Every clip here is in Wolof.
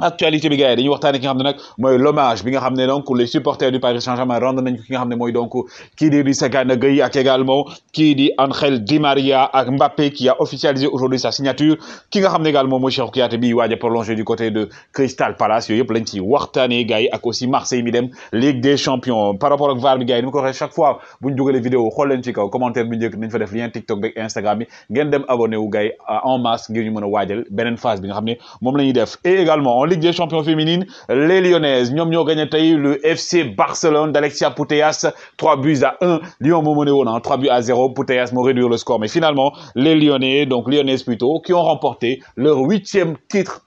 actualité bi gars dañuy waxtaane ki nga xamné nak moy l'hommage bi nga xamné donc les supporters du Paris Saint-Germain rendre nañ ko ki nga xamné moy donc qui di Idrissa Gana Gueye ak également qui di Angel Di Maria ak Mbappé qui a officialisé aujourd'hui sa signature ki nga xamné également moy Cheikh Kouyaté bi waaj prolonger du côté de Crystal Palace yooyu yëpp lañ ci waxtaane gars ak aussi Marseille mi dem Ligue des Champions par rapport ak VAR bi gars ni ko waxe chaque fois buñ duggalé vidéo xol leen ci kaw commentaire bi njëkk nañ fa def lien TikTok beeg Instagram bi ngeen dem abonné wu gars en masse ngir ñu mëna a benen phase bi nga xamné mom lañuy def et également Ligue des Champions féminines les Lyonnaises Nyom ñoo gagné le FC Barcelone d'Alexia Putellas 3 buts à 1 Lyon momo 3 buts à 0 Putellas m'a réduire le score mais finalement les Lyonnais donc Lyonnaises plutôt qui ont remporté leur huitième titre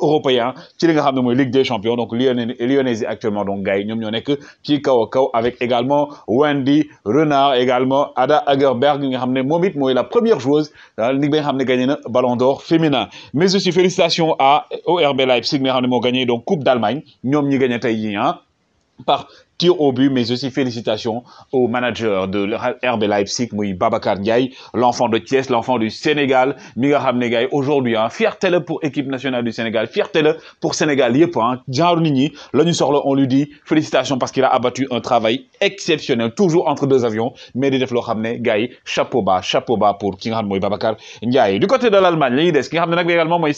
européen ci li nga moy Ligue des champions donc Lyonnais Lyonnais actuellement donc gars ñom ñoom ñoo ci kaw kaw avec également Wendy Renard également Ada Hegerberg nga est momit la première joueuse ligue a nga gagné le Ballon d'Or féminin mais aussi félicitations à ORB Leipzig nga a mo gagné donc Coupe d'Allemagne ñom ñi gagné tay yi hein par tir au but, mais aussi félicitations au manager de RB Leipzig, Mouy Babacar Ndiaye, l'enfant de Thiès, l'enfant du Sénégal, mi nga aujourd'hui fier hein, fierté pour l'équipe nationale du Sénégal fierté tel pour Sénégal yëpp hein, genre nit ñi on lui dit félicitations parce qu'il a abattu un travail exceptionnel toujours entre deux avions mais di def chapeau bas chapeau bas pour ki nga Babacar Ndiaye du côté de l'Allemagne la ñuy des également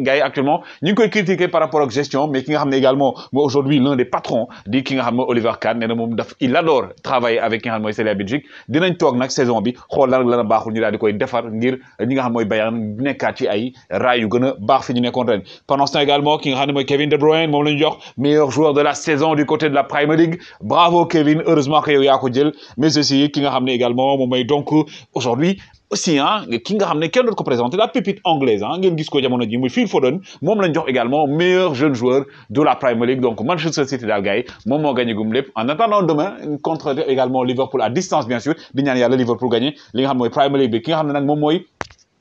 gars actuellement a pas critiqué critiquer par rapport la gestion mais ki nga également aujourd'hui l'un des patrons dit ki xam Oliver Kahn néna mom daf il adore travailler avec ki nga xam mooy Célia Belgique dinañ toog nag saison bi xool la la baxul ñu daal di koy defar ngir ñi nga xam moy Bayern nekkaat ci ay raay yu gën a fi ñu nekkon ren pendant ce temps également ki nga xam moy Kevin De Bruyne mom la jox meilleur joueur de la saison du côté de la Premier League bravo Kevin heureusement que yow ya ko jël mais aussi ki nga xam ne également mom may donc aujourd'hui aussi hein ki nga xamné ne kenn doon ko présenter la pépite anglaise hein ngeen gis ko jamono ji muy Phil Foden mom lañ jox également meilleur jeune joueur de la Premier League donc Manchester City dal gay mom mo gagné gum lépp en attendant demain contre également Liverpool à distance bien sûr di ñaan yalla Liverpool gagner li nga xam moy Premier League bi ki nga xamné nak mom moy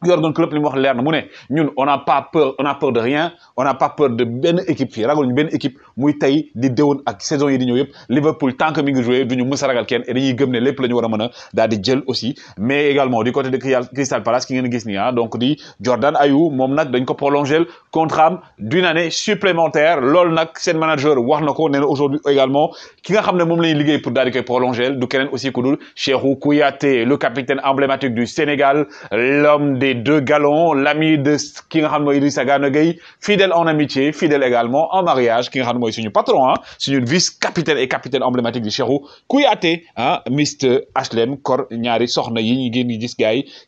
Jordan Klopp li wax leer na mu ñun on n'a pas peur on a peur de rien on n'a pas peur de ben équipe fi ragul ben équipe muy tay di déwoon ak saison yi di ñëw yépp Liverpool tant que mi ngi jouer duñu mësa ragal kenn et dañuy gëm né lepp lañu wara mëna dal di jël aussi mais également du côté de Crystal Palace ki ngeen gis ni ah donc di Jordan Ayew mom nak dañ ko prolonger contrat d'une année supplémentaire loolu nak sen manager wax nako né aujourd'hui également ki nga xamné mom moom liggéey pour dal di koy prolonger du keneen aussi ku dul Cheikhou Kouyaté le capitaine emblématique du Sénégal l'homme des deux galons l'ami de King nga xam fidèle en amitié fidèle également en mariage King nga xam patron c'est hein, une vice capitaine et capitaine emblématique du Cherou Kouyaté hein Mr HLM kor ñaari soxna yi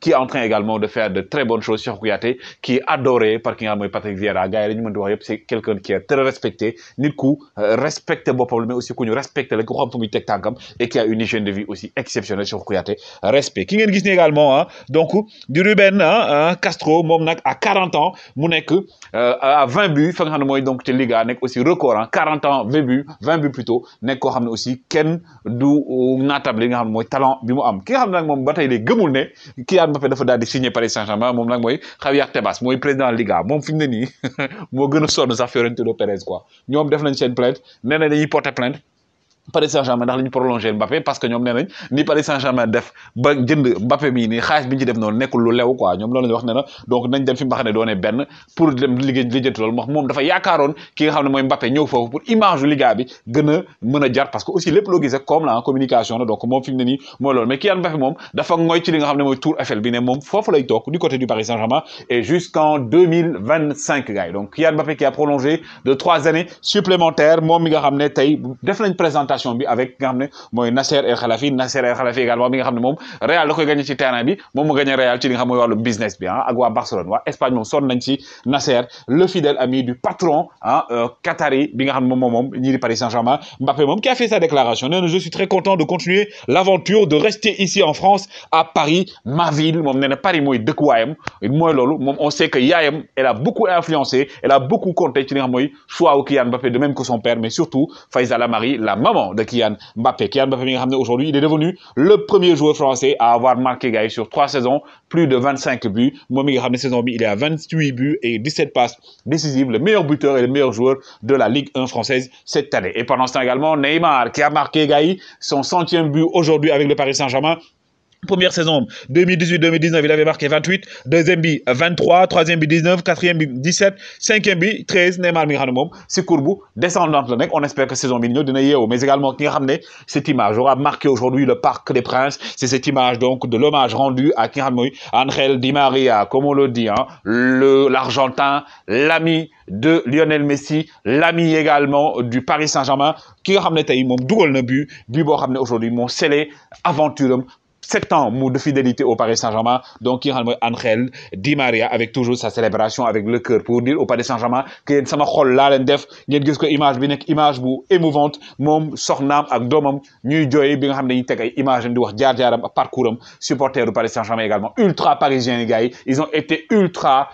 qui est en train également de faire de très bonnes choses sur Kouyaté qui est adoré par King nga Patrick Vieira c'est quelqu'un qui est très respecté nit ku euh, respecté mais aussi ku ñu respecté et qui a une hygiène de vie aussi exceptionnelle sur Kouyaté respect King ngeen également hein, donc du Ruben na hein, hein, Castro mom nak, à 40 ans mu nekk euh, à 20 buts fa nga xam ne donc te Liga nek aussi record hein, 40 ans 20 buts 20 buts plutôt nek ko xam aussi Ken du euh, Natable, nga xam ne talent bi mu am ki nga xam ne nag moom de gëmul ne Kylian Mbappé dafa daal di signé Paris Saint-Germain mom nak mooy Javier Tebas mooy président Liga mom fi mu ne nii moo gën a sonn sax Florentino quoi ñoom def nañ seen plainte nee na dañuy porter plainte. Paris Saint-Germain ndax li prolonger Mbappé parce que ñom nee ni Paris Saint-Germain def ba jënd Mbappé mi ni xaalis biñ ci def non nekul lu lew quoi ñom loolu wax ne donc nañ dem fi mbax ne doone benn pour dem liggéey lijjanti lool wax mom dafa yaakaaroon ki nga xam moy Mbappé ñëw fofu pour image u Liga bi gëna mëna jar parce que aussi lépp loo gisee comme la communication donc mom fi ni ne nii mooy loolu mais Kylian Mbappé mom dafa ngoy ci li nga xam moy Tour Eiffel bi né mom fofu lay tok du côté du Paris Saint-Germain et jusqu'en 2025 gars donc Kylian Mbappé qui a prolongé de trois années supplémentaires mom mi nga xam tay def nañ présentation bi avec nga moy Nasser El Khalafi. Nasser El Khalafi également bi nga xamne mom Real da koy gagner ci terrain bi mom mo gagné Real ci li nga xam mooy business bi ah ak wa Barcelone wa Espagne mom sonn nañ ci Nasser le fidèle ami du patron ah euh, qatari bi nga xamne mom mom ñi di Paris Saint-Germain Mbappé mom qui a fait sa déclaration Non, je suis très content de continuer l'aventure de rester ici en France à Paris ma ville mom nee Paris, Paris mooy dëkkuwaayam moy lolu mom on sait que yayam elle a beaucoup influencé elle a beaucoup compté ci li nga xam choix Mbappé de même que son père mais surtout Faiza Lamari la maman de Kylian Mbappé. Kylian Mbappé, aujourd'hui, il est devenu le premier joueur français à avoir marqué Gaï sur trois saisons, plus de 25 buts. Momi saison il est à 28 buts et 17 passes décisives, le meilleur buteur et le meilleur joueur de la Ligue 1 française cette année. Et pendant ce temps également, Neymar, qui a marqué Gaï son centième but aujourd'hui avec le Paris Saint-Germain, Première saison 2018-2019, il avait marqué 28. Deuxième but 23. Troisième but 19. Quatrième but 17. Cinquième but 13. Neymar mi nga xam on espère que saison milieu de dina mais également qui nga cette image aura marqué aujourd'hui le Parc des Princes c'est cette image donc de l'hommage rendu à ki Angel Di Maria comme on le dit hein, l'Argentin l'ami de Lionel Messi l'ami également du Paris Saint-Germain qui a ramené ne d'où le but aujourd'hui mon scellé aventure Sept ans de fidélité au Paris Saint-Germain. Donc, il y a Angel Di Maria avec toujours sa célébration avec le cœur pour dire au Paris Saint-Germain que sama xol la len def y a ko image bi nek image émouvante mom soxnam ak domam ñuy joy bi nga xamné dañuy image de wax parcours supporter du Paris Saint-Germain également ultra parisien les gars ils ont été ultra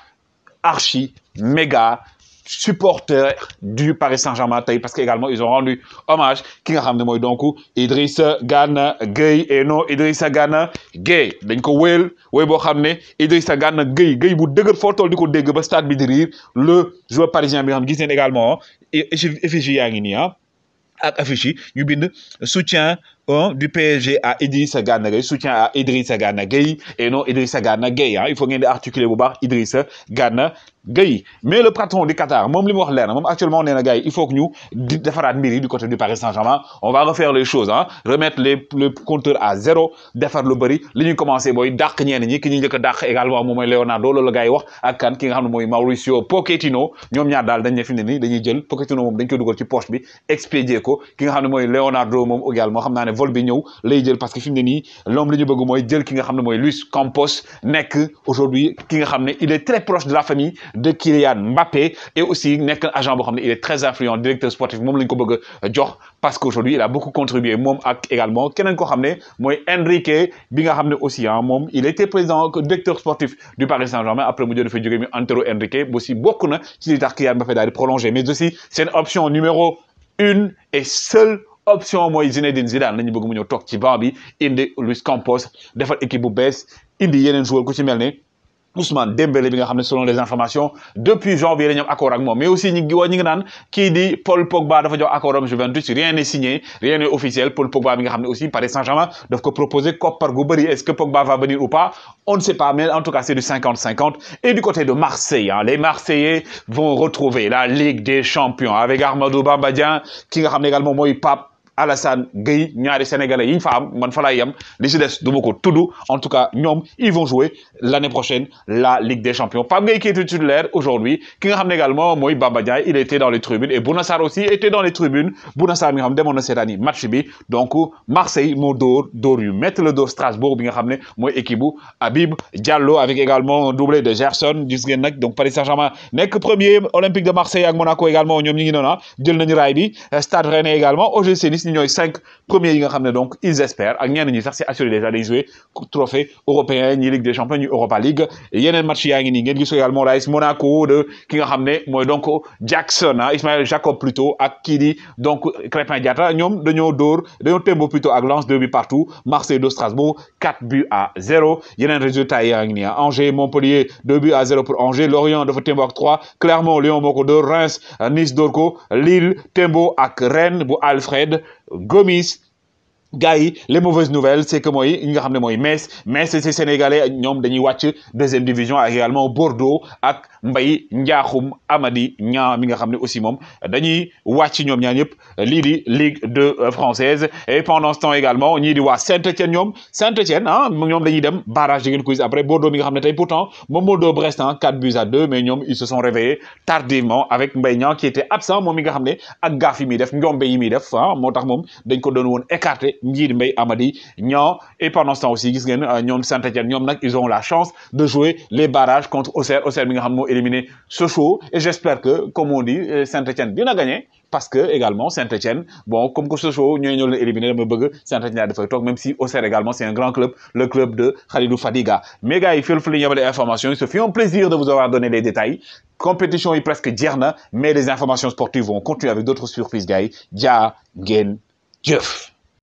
archi méga supporters du Paris Saint-Germain tey parce que également ils ont rendu hommage Qui nga xam ne mooy donc Idrissa Gana Gueye et non Idrissa Gana Gueye Donc ko wéyal wéy boo xam Idrissa Gana Gueye Gueye bu dëgër foo toll di ko ba stade bi di le joueur parisien bi nga également et yaa ngi nii hein. ak affiche yi bind soutien du PSG à Idrissa Gana Gueye soutien à Idrissa Gana Gueye et non Idrissa Gana Gueye hein. il faut ngeen di articuler bu baax Idrissa Gana gay mais le patron du Qatar mom li wax leer mom actuellement néna gay il faut que ñu défarat mbiri du côté du Paris Saint-Germain on va refaire les choses hein remettre les le compteur à zéro défar lu bari li ñuy commencé boy dàq ñenn ñi ki ñu njëkk a également moom mooy Leonardo loolu gay wax ak kan ki nga xamne moy Mauricio Pochettino ñoom ñaar daal dañ ne fi ne dañuy jël Pochettino mom dañ ko duggal ci poche bi expédier ko ki nga xamne moy Leonardo mom également mo xamna né vol bi ñëw lay jël parce que fi ni l'homme nii li ñu bëgg moy jël ki nga xamne moy Luis Campos nek aujourd'hui ki nga xamne il est très proche de la famille de Kylian Mbappé et aussi nekk agent il est très influent directeur sportif parce qu'aujourd'hui il a beaucoup contribué mom également kenen ko xamné moy Enrique bi nga aussi hein, il était président directeur sportif du Paris Saint-Germain après mu fait dafay jógee mi Antero Enrique aussi beaucoup de ci li tax Kylian Mbappé d'aller prolongé mais aussi c'est une option numéro 1 et seule option moy Zinedine Zidane lañu bëgg mu ñëw tok ci banc bi indi Luis Campos defal équipe bu il indi yenen joueur ku ci mel Ousmane Dembélé bi nga selon les informations depuis janvier la accord ak mais aussi ñi ngi woo ñi nga naan ki di Paul Pogba dafa jox accord am Juventus rien n'est signé rien n'est officiel Paul Pogba bi nga xamné aussi Paris Saint-Germain daf ko quoi par gu est-ce que Pogba va venir ou pas on ne sait pas mais en tout cas c'est du 50-50 et du côté de Marseille hein, les Marseillais vont retrouver la Ligue des Champions avec Armando Aubameyang qui ki nga xamné également moy Alassane Gueye ñaari sénégalais une femme, fa am man fa yam li en tout cas Nyom, ils vont jouer l'année prochaine la Ligue des Champions Pape Gueye qui est titulaire aujourd'hui qui a également Moï Babadia, il était dans les tribunes et Bouna aussi était dans les tribunes Bouna Sarr a nga xam donc Marseille Modor, Doru Metel yu dos Strasbourg qui a ramené moi Ekibou, Habib Diallo avec également un doublé de Gerson gis donc Paris Saint-Germain Nek premier Olympique de Marseille avec Monaco également Nyom ñi ngi noona ah. jël nañu Stade Rennais également OGC Nice plus ils ont les 5 premiers ils ont donc ils espèrent à rien ils sont assurés déjà de jouer trophée européen ni ligue des champions ni Europa League et il y a un match qui a gagné également l'AS Monaco de qui a ramené moi donc Jackson ah, Ismaël Jacob plutôt à Kiri donc Crépin Diatra nous de nous d'or de nous plutôt à Lens 2 buts partout Marseille de Strasbourg 4 buts à 0 il y a un résultat qui a ah, gagné Angers Montpellier 2 buts à 0 pour Angers Lorient de Fotembourg 3 Clermont Lyon Moko 2 Reims Nice d'Orco Lille Tembo à Rennes pour Alfred Gomis gars yi les mauvaises nouvelles c'est que mooy ñi nga xam ne mooy Metz Metz c'est sénégalais ñoom dañuy wàcc deuxième division ak également Bordeaux ak Mbaye Ndiakhoum Amadi, Niang mi nga xam aussi moom dañuy wàcc ñoom ñaar ñëpp Ligue 2 euh, française et pendant ce temps également ñii di waa Saint-Étienne ñoom Saint-Étienne hein, ñoom dañuy dem barrage jigéen quiz après Bordeaux mi nga xam ne pourtant moom moo Brest ah 4 buts à 2 mais ñoom ils se sont réveillés tardivement avec Mbaye Niang qui était absent moom mi nga xam ne ak gaaf yi muy def njombe yi muy def ah moo tax moom dañ ko doon woon écarté njiit Mbaye Amadi et pendant ce temps aussi euh, ils ont la chance de jouer les barrages contre Auxerre Auxerre bi nga ce show et j'espère que comme on dit euh, Saint-Étienne dina gagner parce que également Saint-Etienne bon comme que show show ñoo éliminé le bëgg Saint-Etienne même si Auxerre également c'est un grand club le club de Khalidou Fadiga mais gars yi le vous ñu des informations il se fait un plaisir de vous avoir donné les détails compétition est presque terminée mais les informations sportives vont continuer avec d'autres surprises gars dia Gen jeff.